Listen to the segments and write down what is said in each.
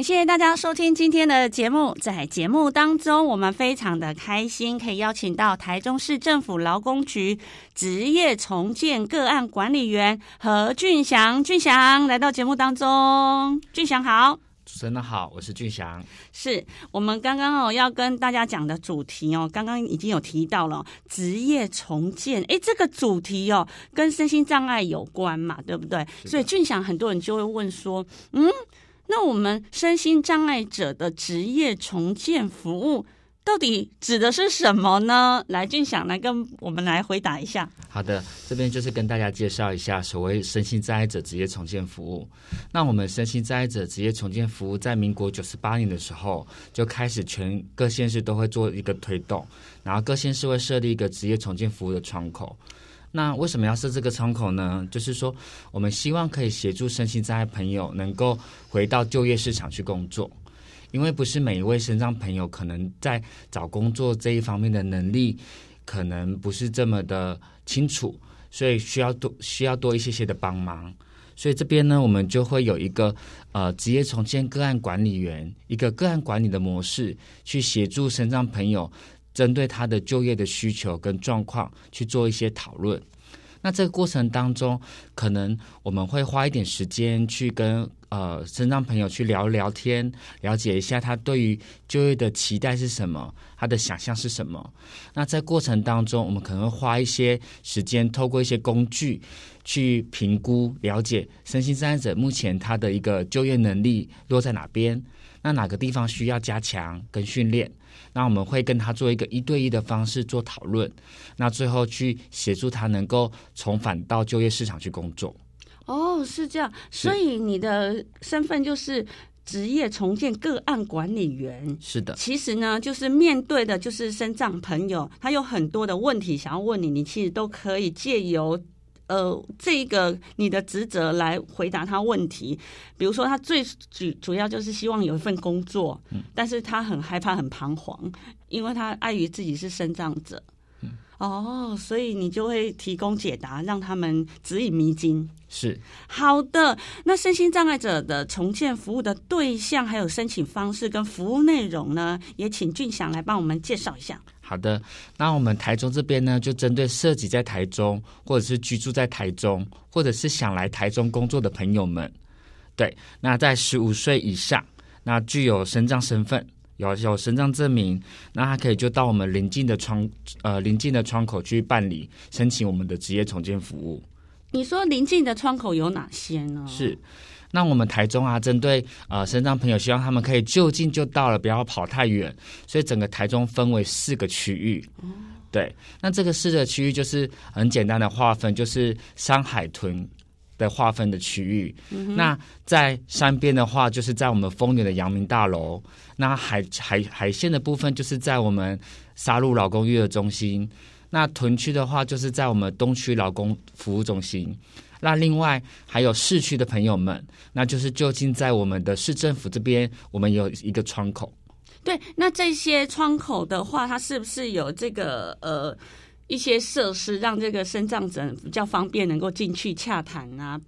謝謝大家收聽今天的節目，在節目當中，我們非常的開心，可以邀請到台中市政府勞工局職業重建個案管理員何俊祥，俊祥來到節目當中。俊祥好，主持人好，我是俊祥。是我們剛剛哦要跟大家講的主題哦，剛剛已經有提到了、哦、職業重建，哎，這個主題哦跟身心障礙有關嘛，對不對？所以俊祥很多人就會問說，嗯。那我們身心障礙者的職業重建服務到底指的是什麼呢？來俊祥來跟我們來回答一下。好的，這邊就是跟大家介紹一下所謂身心障礙者職業重建服務。那我們身心障礙者職業重建服務在民國九十八年的時候就開始，全各縣市都會做一個推動，然後各縣市會設立一個職業重建服務的窗口。那為什麼要設這個窗口呢？就是說，我們希望可以協助身心障礙朋友能夠回到就業市場去工作，因為不是每一位身障朋友可能在找工作這一方面的能力可能不是這麼的清楚，所以需要多需要多一些些的幫忙。所以這邊呢，我們就會有一個呃職業重建個案管理員，一個個案管理的模式，去協助身障朋友。針對他的就業的需求跟狀況去做一些討論。那這個過程當中，可能我們會花一點時間去跟呃，身障朋友去聊聊天，了解一下他對於就業的期待是什麼，他的想象是什麼。那在過程當中，我們可能會花一些時間，透過一些工具去評估、了解身心障礙者目前他的一個就業能力落在哪邊，那哪個地方需要加強跟訓練。那我們會跟他做一個一對一的方式做討論，那最後去協助他能夠重返到就業市場去工作。哦，是這樣，所以你的身份就是職業重建個案管理員。是的，其實呢，就是面對的就是身障朋友，他有很多的問題想要問你，你其實都可以借由。呃，這個你的職責來回答他問題，比如說他最主主要就是希望有一份工作，嗯，但是他很害怕、很彷徨，因為他礙於自己是身障者，嗯、哦，所以你就會提供解答，讓他們指引迷津。是。好的，那身心障礙者的重建服務的對象，還有申請方式跟服務內容呢？也請俊祥來幫我們介紹一下。好的，那我們台中這邊呢，就針對涉及在台中，或者是居住在台中，或者是想來台中工作的朋友們，對，那在十五歲以上，那具有身障身份，有有身障證明，那他可以就到我們鄰近的窗呃鄰近的窗口去辦理申請我們的職業重建服務。你說鄰近的窗口有哪些呢？是。那我們台中啊，針對呃，身障朋友，希望他們可以就近就到了，不要跑太遠。所以整個台中分為四個區域，嗯、對。那這個四個區域就是很簡單的劃分，就是山海屯的劃分的區域、嗯。那在山邊的話，就是在我們豐原的陽明大樓；那海海海線的部分，就是在我們沙鹿勞工育樂中心；那屯區的話，就是在我們東區勞工服務中心。那另外還有市區的朋友們，那就是就近在我們的市政府這邊，我們有一個窗口。對，那這些窗口的話，它是不是有這個呃一些設施，讓這個身障者比較方便能夠進去洽談呢、啊？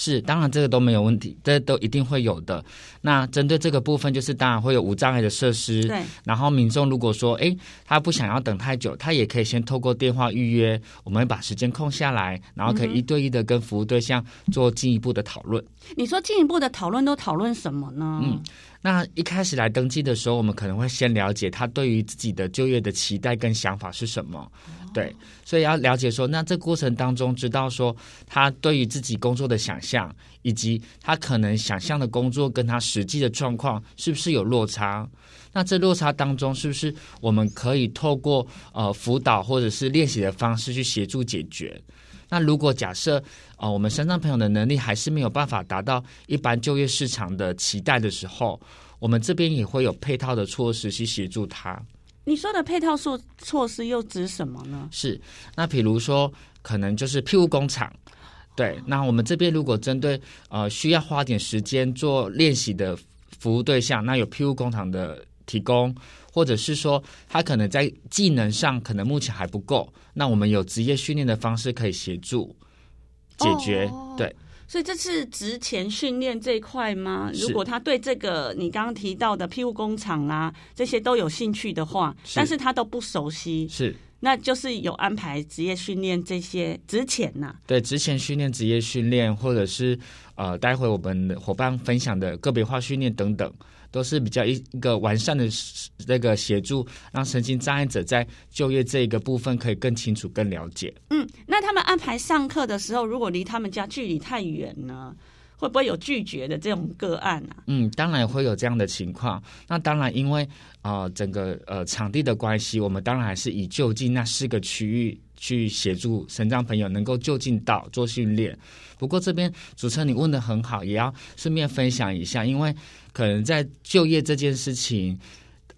是，當然這個都沒有問題，這都一定會有的。那針對這個部分，就是當然會有無障礙的設施，對。然後民眾如果說，哎，他不想要等太久，他也可以先透過電話預約，我們把時間空下來，然後可以一對一的跟服務對象做進一步的討論。你說進一步的討論都討論什麼呢？嗯，那一開始來登記的時候，我們可能會先了解他對於自己的就業的期待跟想法是什麼。對，所以要了解說，那這過程當中，知道說他對於自己工作的想象，以及他可能想象的工作跟他實際的狀況是不是有落差？那這落差當中，是不是我們可以透過呃輔導或者是練習的方式去協助解決？那如果假設啊、呃，我們身障朋友的能力還是沒有辦法達到一般就業市場的期待的時候，我們這邊也會有配套的措施去協助他。你說的配套措措施又指什麼呢？是，那比如說，可能就是庇護工廠，對、哦。那我們這邊如果針對呃需要花點時間做練習的服務對象，那有庇護工廠的提供，或者是說他可能在技能上可能目前還不夠，那我們有職業訓練的方式可以協助解決，哦、對。所以這，職前訓練這是職前訓練這一塊嗎？如果他對這個你剛剛提到的庇護工廠啊這些都有興趣的話，但是他都不熟悉。是。那就是有安排職業訓練這些之前呢、啊？對，之前訓練、職業訓練，或者是呃，待會我們夥伴分享的個別化訓練等等，都是比較一一個完善的那個協助，讓身心障礙者在就業這一個部分可以更清楚、更了解。嗯，那他們安排上課的時候，如果離他們家距離太遠呢？會不會有拒絕的這種個案啊？嗯，當然會有這樣的情況。那當然，因為啊、呃，整個呃場地的關係，我們當然還是以就近那四個區域去協助身障朋友能夠就近到做訓練。不過這邊主持人你問得很好，也要順便分享一下，因為可能在就業這件事情。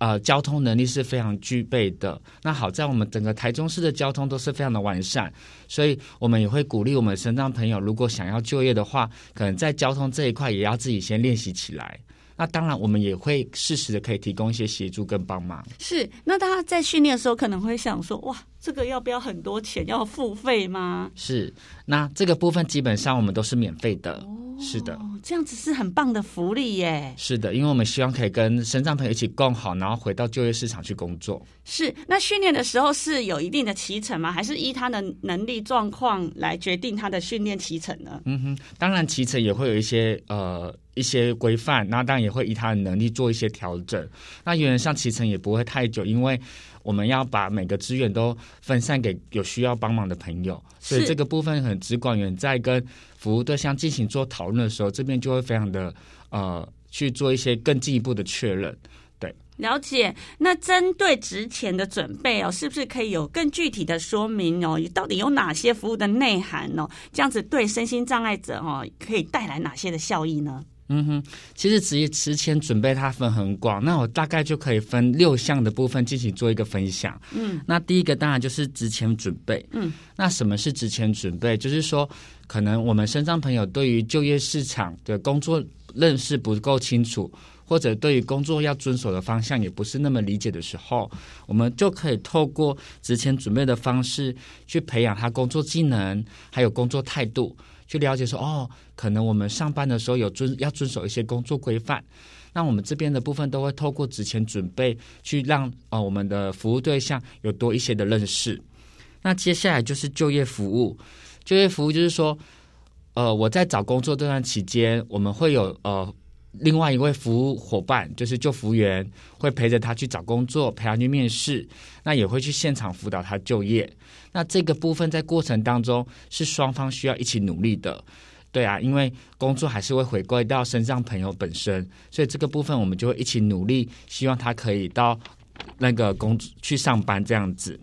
呃，交通能力是非常具備的。那好在我們整個台中市的交通都是非常的完善，所以我們也會鼓勵我們身障朋友，如果想要就業的話，可能在交通這一塊也要自己先練習起來。那當然，我們也會適時的可以提供一些協助跟幫忙。是，那大家在訓練的時候可能會想說，哇。這個要不要很多錢？要付費嗎？是，那這個部分基本上我們都是免費的，哦。是的，這樣子是很棒的福利耶。是的，因為我們希望可以跟身障朋友一起共好，然後回到就業市場去工作。是，那訓練的時候是有一定的期程嗎？還是依他的能力狀況來決定他的訓練期程呢？嗯哼，當然期程也會有一些呃一些規範，那當然也會依他的能力做一些調整。那原來像期程也不會太久，因為我們要把每個資源都，分散給有需要幫忙的朋友，所以這個部分很職管員在跟服務對象進行做討論的時候，這邊就會非常的呃去做一些更進一步的確認。對，了解。那針對職前的準備哦，是不是可以有更具體的說明哦？到底有哪些服務的內涵哦？這樣子對身心障礙者哦，可以帶來哪些的效益呢？嗯哼，其實至於職前準備，它分很廣，那我大概就可以分六項的部分進行做一個分享。嗯，那第一個當然就是職前準備。嗯，那什麼是職前準備？就是說，可能我們身上朋友對於就業市場的工作認識不夠清楚，或者對於工作要遵守的方向也不是那麼理解的時候，我們就可以透過職前準備的方式去培養他工作技能，還有工作態度。去了解說哦，可能我們上班的時候有遵要遵守一些工作規範，那我們這邊的部分都會透過之前準備去讓呃我們的服務對象有多一些的認識。那接下來就是就業服務，就業服務就是說，呃我在找工作這段期間，我們會有呃。另外一位服務夥伴就是就服員會陪着他去找工作，陪他去面試，那也會去現場輔導他就業。那這個部分在過程當中是雙方需要一起努力的，對啊，因為工作還是會回歸到身障朋友本身，所以這個部分我們就會一起努力，希望他可以到那個工作去上班這樣子。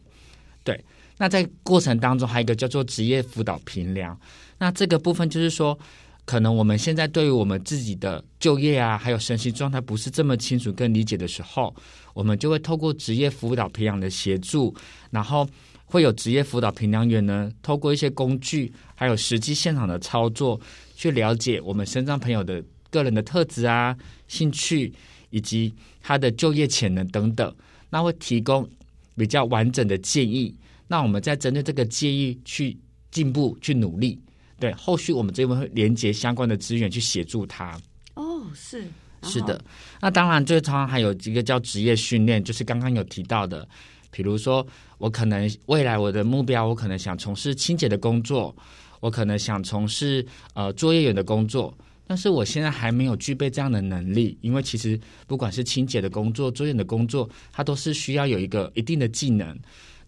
對，那在過程當中還有一個叫做職業輔導評量，那這個部分就是說。可能我們現在對於我們自己的就業啊，還有身心狀態不是這麼清楚跟理解的時候，我們就會透過職業輔導培養的協助，然後會有職業輔導評量員呢，透過一些工具，還有實際現場的操作，去了解我們身障朋友的個人的特質啊、興趣以及他的就業潛能等等，那會提供比較完整的建議。那我們再針對這個建議去進步去努力。對，後續我們這邊會連接相關的資源去協助他。哦，哦，是，哦。是的。那當然，最後還有一個叫職業訓練，就是剛剛有提到的，比如說我可能未來我的目標，我可能想從事清潔的工作，我可能想從事呃作業員的工作，但是我現在還沒有具備這樣的能力，因為其實不管是清潔的工作、作業員的工作，它都是需要有一個一定的技能。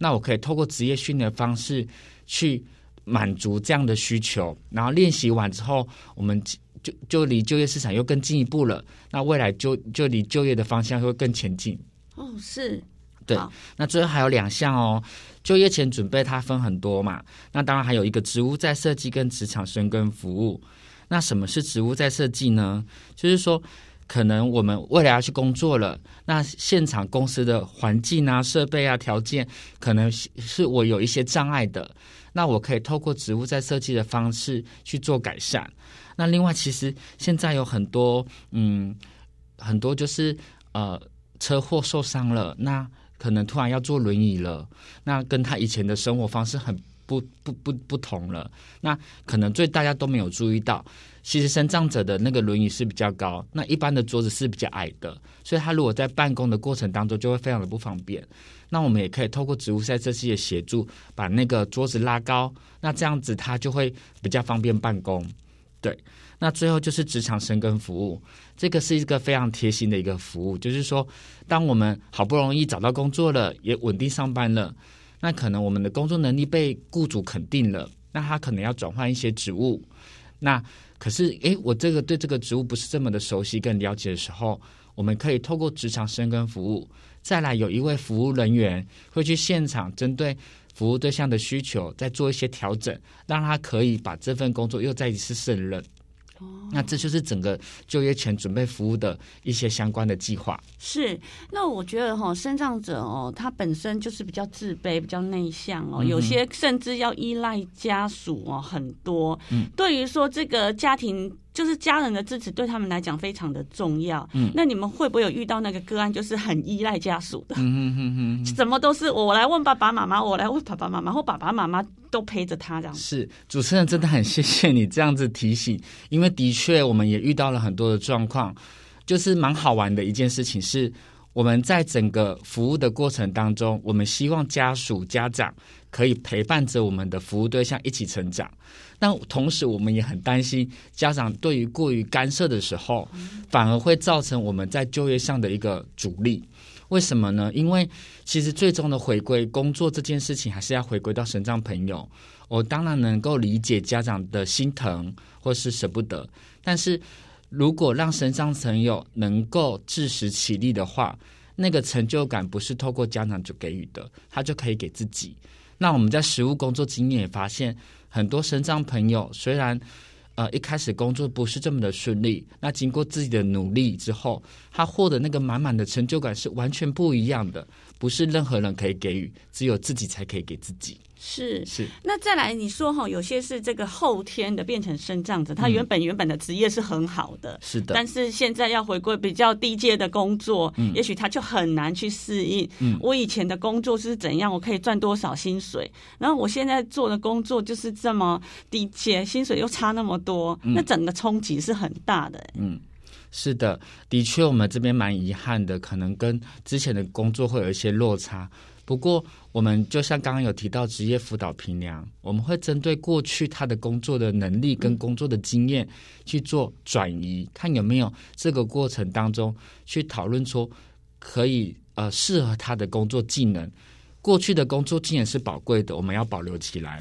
那我可以透過職業訓練的方式去。滿足這樣的需求，然後練習完之後，我們就就離就業市場又更進一步了。那未來就就離就業的方向會更前進。哦，是，對。哦。那最後還有兩項哦，就業前準備它分很多嘛。那當然還有一個職務再設計跟職場生根服務。那什麼是職務再設計呢？就是說，可能我們未來要去工作了，那現場公司的環境啊、設備啊、條件，可能是我有一些障礙的。那我可以透過職務再設計的方式去做改善。那另外，其實現在有很多，嗯，很多就是呃，車禍受傷了，那可能突然要坐輪椅了，那跟他以前的生活方式很。不不不不同了，那可能最大家都沒有注意到，其實身障者的那個輪椅是比較高，那一般的桌子是比較矮的，所以他如果在辦公的過程當中就會非常的不方便。那我們也可以透過職務再設計的協助，把那個桌子拉高，那這樣子他就會比較方便辦公。對，那最後就是職場生根服務，這個是一個非常貼心的一個服務，就是說，當我們好不容易找到工作了，也穩定上班了。那可能我們的工作能力被雇主肯定了，那他可能要轉換一些職務。那可是，哎，我這個對這個職務不是這麼的熟悉跟了解的時候，我們可以透過職場生根服務，再來有一位服務人員會去現場針對服務對象的需求，再做一些調整，讓他可以把這份工作又再一次勝任。那這就是整個就業前準備服務的一些相關的計劃。是，那我覺得吼、哦，身障者哦，他本身就是比較自卑、比較內向哦、嗯，有些甚至要依賴家屬哦，很多。嗯，對於說這個家庭。就是家人的支持對他們來講非常的重要。嗯，那你們會不會有遇到那個個案，就是很依賴家屬的？嗯、嗯，怎麼都是我來問爸爸媽媽，我來問爸爸媽媽，或爸爸媽媽都陪着他這樣子。是，主持人真的很謝謝你這樣子提醒、嗯，因為的確我們也遇到了很多的狀況，就是蠻好玩的一件事情是。我們在整個服務的過程當中，我們希望家屬、家長可以陪伴着我們的服務對象一起成長。但同時，我們也很擔心家長對於過於干涉的時候，反而會造成我們在就業上的一個阻力。為什麼呢？因為其實最終的回歸工作這件事情，還是要回歸到身障朋友。我當然能夠理解家長的心疼或是舍不得，但是。如果讓身障朋友能夠自食其力的話，那個成就感不是透過家長就給予的，他就可以給自己。那我們在實務工作經驗也發現，很多身障朋友雖然呃一開始工作不是這麼的順利，那經過自己的努力之後，他獲得那個滿滿的成就感是完全不一樣的。不是任何人可以給予，只有自己才可以給自己。是是。那再來你說哈，有些是這個後天的變成身障者，他原本原本的職業是很好的，嗯。是的。但是現在要回歸比較低階的工作，嗯，也許他就很難去適應。嗯，我以前的工作是怎樣？我可以賺多少薪水？然後我現在做的工作就是這麼低階，薪水又差那麼多，嗯，那整個衝擊是很大的欸。嗯。是的，的確，我們這邊蠻遺憾的，可能跟之前的工作會有一些落差。不過，我們就像剛剛有提到職業輔導評量，我們會針對過去他的工作的能力跟工作的經驗去做轉移，看有沒有這個過程當中去討論出可以呃適合他的工作技能。過去的工作技能是寶貴的，我們要保留起來，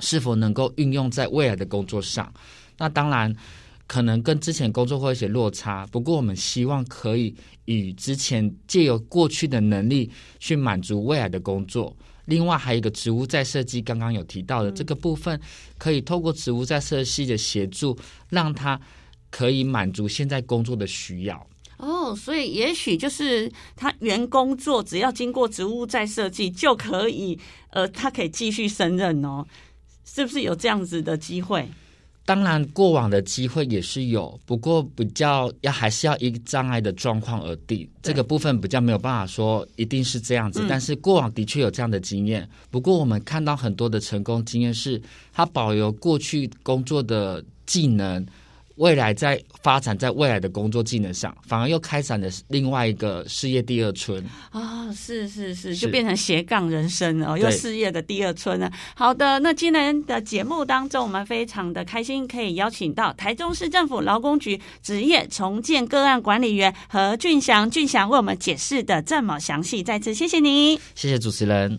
是否能夠運用在未來的工作上？那當然。可能跟之前工作會有些落差，不過我們希望可以與之前借由過去的能力去滿足未來的工作。另外，還有一個職務再設計，剛剛有提到的、嗯、這個部分，可以透過職務再設計的協助，讓他可以滿足現在工作的需要。哦，所以也許就是他原工作只要經過職務再設計，就可以呃，他可以繼續升任哦，是不是有這樣子的機會？當然，過往的機會也是有，不過比較要還是要依障礙的狀況而定。這個部分比較沒有辦法說一定是這樣子，嗯，但是過往的確有這樣的經驗。不過我們看到很多的成功經驗是，他保留過去工作的技能。未來在發展在未來的工作技能上，反而又開展了另外一個事業第二春啊、哦！是是是，就變成斜槓人生哦，又事業的第二春了。好的，那今天的節目當中，我們非常的開心，可以邀請到台中市政府勞工局職業重建個案管理員何俊祥，俊祥為我們解釋的這麼詳細，再次謝謝你，謝謝主持人。